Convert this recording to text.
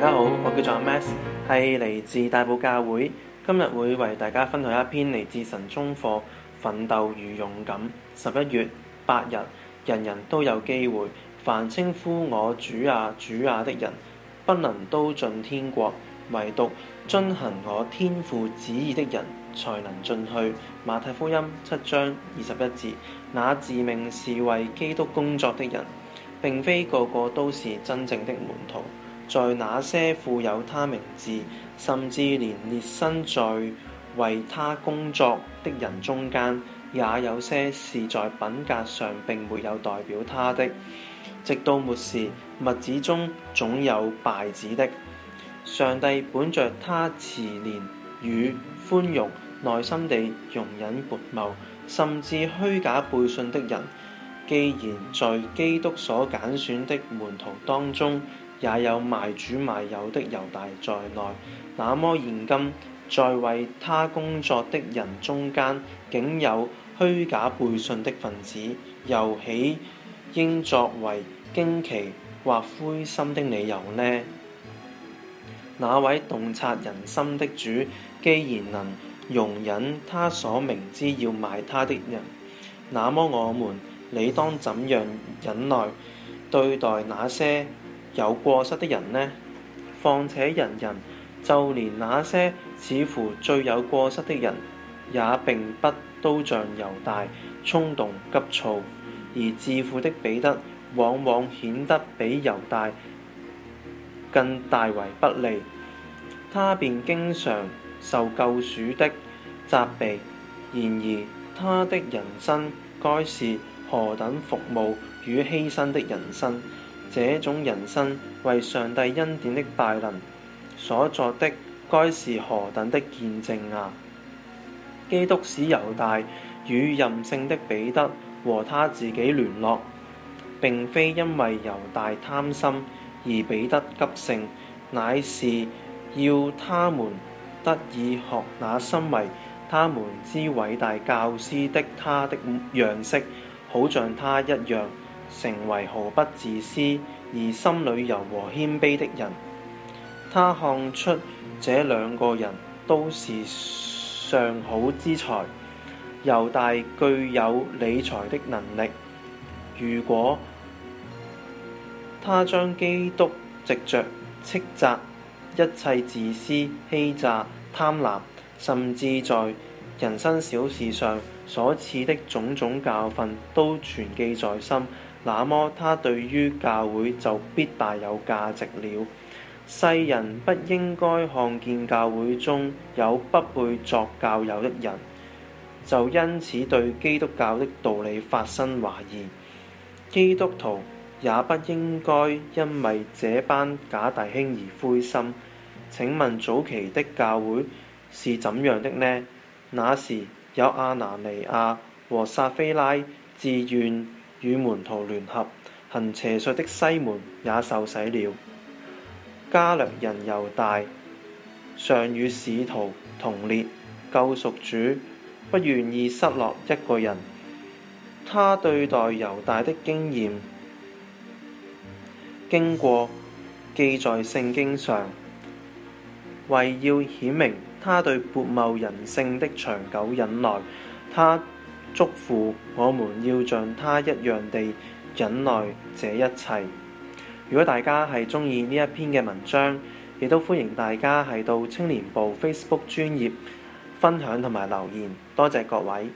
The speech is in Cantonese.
大家好，我叫做阿 Max，係嚟自大埔教會。今日會為大家分享一篇嚟自神中課《奮鬥與勇敢》。十一月八日，人人都有機會。凡稱呼我主啊主啊的人，不能都進天國。唯獨遵行我天父旨意的人，才能進去。馬太福音七章二十一節：那自命是為基督工作的人，並非個個都是真正的門徒。在那些富有他名字，甚至連列身在為他工作的人中間，也有些是在品格上並沒有代表他的。直到末時，物子中總有敗子的。上帝本着他慈憐與寬容，耐心地容忍撥謀，甚至虛假背信的人。既然在基督所揀選的門徒當中也有賣主賣友的猶大在內，那麼現今在為他工作的人中間，竟有虛假背信的分子，又豈應作為驚奇或灰心的理由呢？那位洞察人心的主，既然能容忍他所明知要賣他的人，那麼我們？你當怎樣忍耐對待那些有過失的人呢？況且人人，就連那些似乎最有過失的人，也並不都像猶大衝動急躁，而自負的彼得往往顯得比猶大更大為不利。他便經常受救主的責備。然而他的人生該是，何等服務與犧牲的人生，這種人生為上帝恩典的大能所作的，該是何等的見證啊！基督使猶大與任性的彼得和他自己聯絡，並非因為猶大貪心而彼得急性，乃是要他們得以學那身為他們之偉大教師的他的樣式。好像他一樣，成為毫不自私而心裏柔和謙卑的人。他看出這兩個人都是上好之才，又大具有理財的能力。如果他將基督藉著斥責一切自私、欺詐、貪婪，甚至在人生小事上所賜的種種教訓都存記在心，那麼他對於教會就必大有價值了。世人不應該看見教會中有不配作教友的人，就因此對基督教的道理發生懷疑。基督徒也不應該因為這班假弟兄而灰心。請問早期的教會是怎樣的呢？那時有阿拿尼亞和撒非拉自願與門徒聯合，行邪術的西門也受洗了。加略人猶大常與使徒同列，救贖主不願意失落一個人。他對待猶大的經驗，經過記在聖經上，為要顯明。他對貶茂人性的長久忍耐，他祝福我們要像他一樣地忍耐這一切。如果大家係鍾意呢一篇嘅文章，亦都歡迎大家係到青年部 Facebook 專頁分享同埋留言。多謝各位。